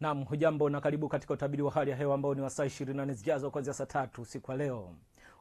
Naam, hujambo na karibu katika utabiri wa hali ya hewa ambao ni wa saa 24 zijazo kuanzia saa tatu usiku wa leo.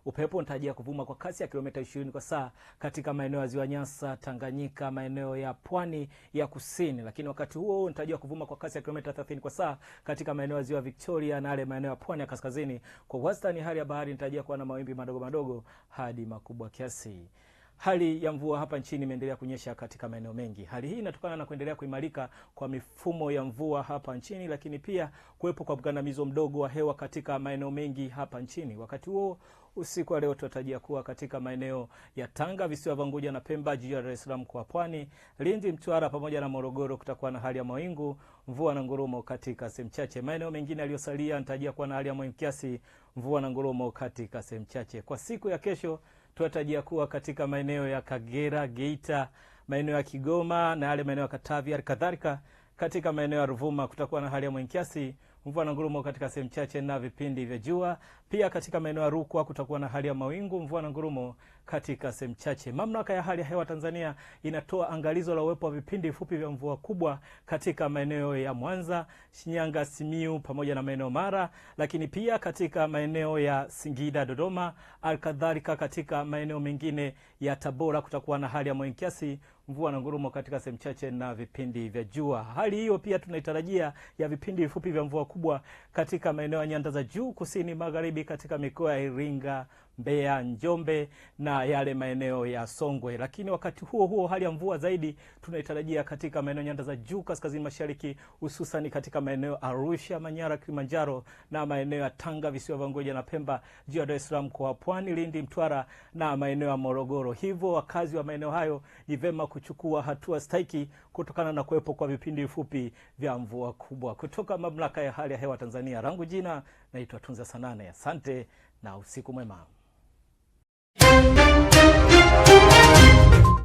Upepo unatarajia kuvuma kwa kasi ya kilomita 20 kwa saa katika maeneo ya Ziwa Nyasa, Tanganyika, maeneo ya pwani ya kusini, lakini wakati huo unatarajia kuvuma kwa kasi ya kilomita 30 kwa saa katika maeneo ya Ziwa Victoria na yale maeneo ya pwani ya kaskazini. Kwa wastani, hali ya bahari inatarajiwa kuwa na mawimbi madogo madogo hadi makubwa kiasi. Hali ya mvua hapa nchini imeendelea kunyesha katika maeneo mengi. Hali hii inatokana na kuendelea kuimarika kwa mifumo ya mvua hapa nchini, lakini pia kuwepo kwa mgandamizo mdogo wa hewa katika maeneo mengi hapa nchini. Wakati huo usiku wa leo tunatarajia kuwa katika maeneo ya Tanga, visiwa vya Unguja na Pemba, jiji la Dar es Salaam kwa pwani, Lindi, Mtwara pamoja na Morogoro kutakuwa na hali ya mawingu, mvua na ngurumo katika sehemu chache. Maeneo mengine yaliyosalia yanatarajia kuwa na hali ya mawingu kiasi, mvua na ngurumo katika sehemu chache. Kwa siku ya kesho tunatarajia kuwa katika maeneo ya Kagera, Geita, maeneo ya Kigoma na yale maeneo ya Katavi, kadhalika katika maeneo ya Ruvuma kutakuwa na hali ya mwenkiasi mvua na ngurumo katika sehemu chache na vipindi vya jua. Pia katika maeneo ya Rukwa kutakuwa na hali ya mawingu, mvua na ngurumo katika sehemu chache. Mamlaka ya hali ya hewa Tanzania inatoa angalizo la uwepo wa vipindi fupi vya mvua kubwa katika maeneo ya Mwanza, Shinyanga, Simiu pamoja na maeneo Mara, lakini pia katika maeneo ya Singida, Dodoma, alkadhalika katika maeneo mengine ya Tabora kutakuwa na hali ya mawingu kiasi mvua na ngurumo katika sehemu chache na vipindi vya jua. Hali hiyo pia tunaitarajia ya vipindi vifupi vya mvua kubwa kubwa katika maeneo ya nyanda za juu kusini magharibi katika mikoa ya Iringa, Mbeya, Njombe na yale maeneo ya Songwe. Lakini wakati huo huo hali ya mvua zaidi tunaitarajia katika maeneo nyanda za juu kaskazini mashariki, hususan katika maeneo Arusha, Manyara, Kilimanjaro na maeneo ya Tanga, visiwa vya Unguja na Pemba, juu ya Dar es Salaam kwa Pwani, Lindi, Mtwara na maeneo ya Morogoro. Hivyo wakazi wa maeneo hayo ni vema kuchukua hatua stahiki kutokana na kuwepo kwa vipindi vifupi vya mvua kubwa. Kutoka mamlaka ya hali ya hewa Tanzania, rangu jina naitwa Tunza Sanane. Asante na usiku mwema.